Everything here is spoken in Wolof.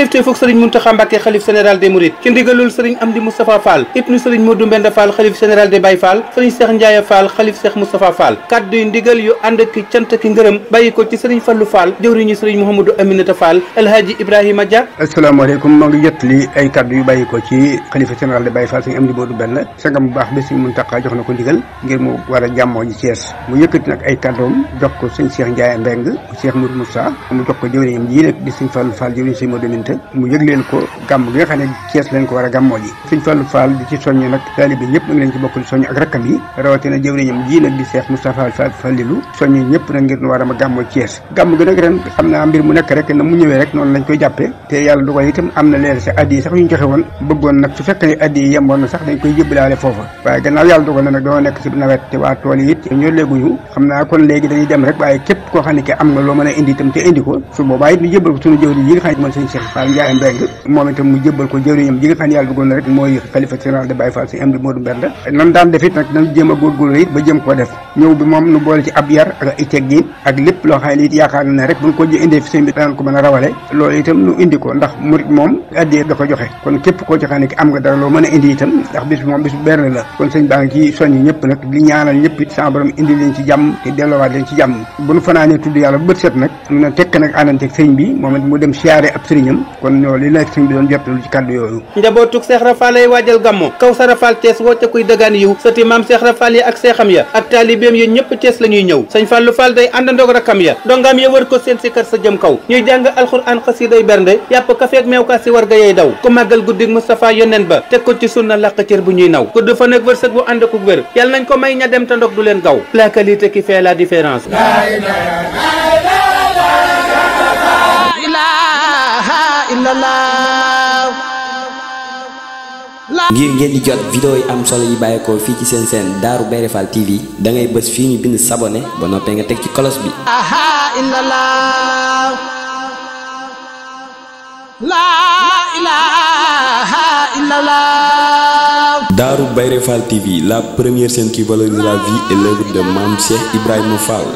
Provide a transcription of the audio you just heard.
kilifteefu sëriñ Muntaxa Mbàkke xalif général des Mourides ci ndigalul sëriñ Amdi Moustapha Fall ibnu sëriñ Modou Mbenda Fall xalif général des Baye Fall sëriñ Cheikh Ndiaye Fall xalif Cheikh Moustapha Fall kàddu yu ndigal yu ànd ki cant ki ngërëm bàyyi ko ci sëriñ Fallu Fall jëwriñu sëriñ Mouhamadou Aminata Fall Alhaji Ibrahima Dia asalaamaaleykum maa ngi jot li ay kàddu yu bàyyi ko ci xalifa général de Baye Fall sëriñ Amdi Modou Mbenda sangam bu baax bi sëriñ Muntaxa jox na ko ndigal ngir mu war a jàmmoo ji Thiès mu yëkkati nag ay kàddoom jox ko sëriñ Cheikh Ndiaye Mbeng Cheikh Modou Moussa mu jox ko jëwriñam ji nag di sëriñ Fallu Fall jëwriñ sëriñ Modou woote mu yëg leen ko gàmm gi nga xam ne Cees leen ko war a gàmmoo ji Sëñ Fallu Fall di ci soññi nag taalibe ñëpp ngi leen ci bokk di ak rakkam yi rawatina jëwriñam a ñu xam naa kon léegi dañuy dem rek waaye képp koo xam ne am nga loo mën a indi itam te indi ko su boobaa it ñu jëbbal ko suñu jëwriñ yi nga xam ne mën sëñ Seex Fall Ndiaye Mbengue moom itam mu jébbal ko jëwriñam ji nga xam ne yàlla bëggoon na rek mooy xalifa général de Baye Fall bi moom lépp loo xam ne it yaakaar na ne rek buñ ko jë indee fi bi a rawale loolu itam moom addee da ko joxe kon képp koo joxee ne ki nga dara loo mën a indi itam ndax bis bi moom bis bu benn la kon sëñ baa ngi ci soññ bi moom mu dem siyaare ab sëriñam kon ñoo li nekk suñu doon jottalu ci kàddu yooyu njabootug Seex Rafaal lay waajal gàmmu Kawsara Faal Cees woo ca kuy dëggaan yiw sëti maam Seex Rafaal yi ak seexam ya ak taalibeem ya ñëpp Cees la ñuy ñëw sëñ Fàllu Faal day àndandoog rakkam ya dongaam ya wër ko seen si kër sa jëm kaw ñuy jàng alxuraan xasiiday bernde yàpp kafeeg meew kaa war ga yay daw ku màggal guddig Mustapha yoneen ba teg ko ci sunna làq cër bu ñuy naw gudd fa nag wërsëg la qualité ngir ngeen di jot vidéo yi am solo yi bàyyeekoo fi ci sen sen daru Bairé Fall TV da ngay beus fi ñu bind s'abonner ba noppé nga tek ci kolos bi. aha inna la ilaha Daru Darou Fall TV la première chaîne qui valorise la vie et l'œuvre de mam Cheikh Ibrahima Fall.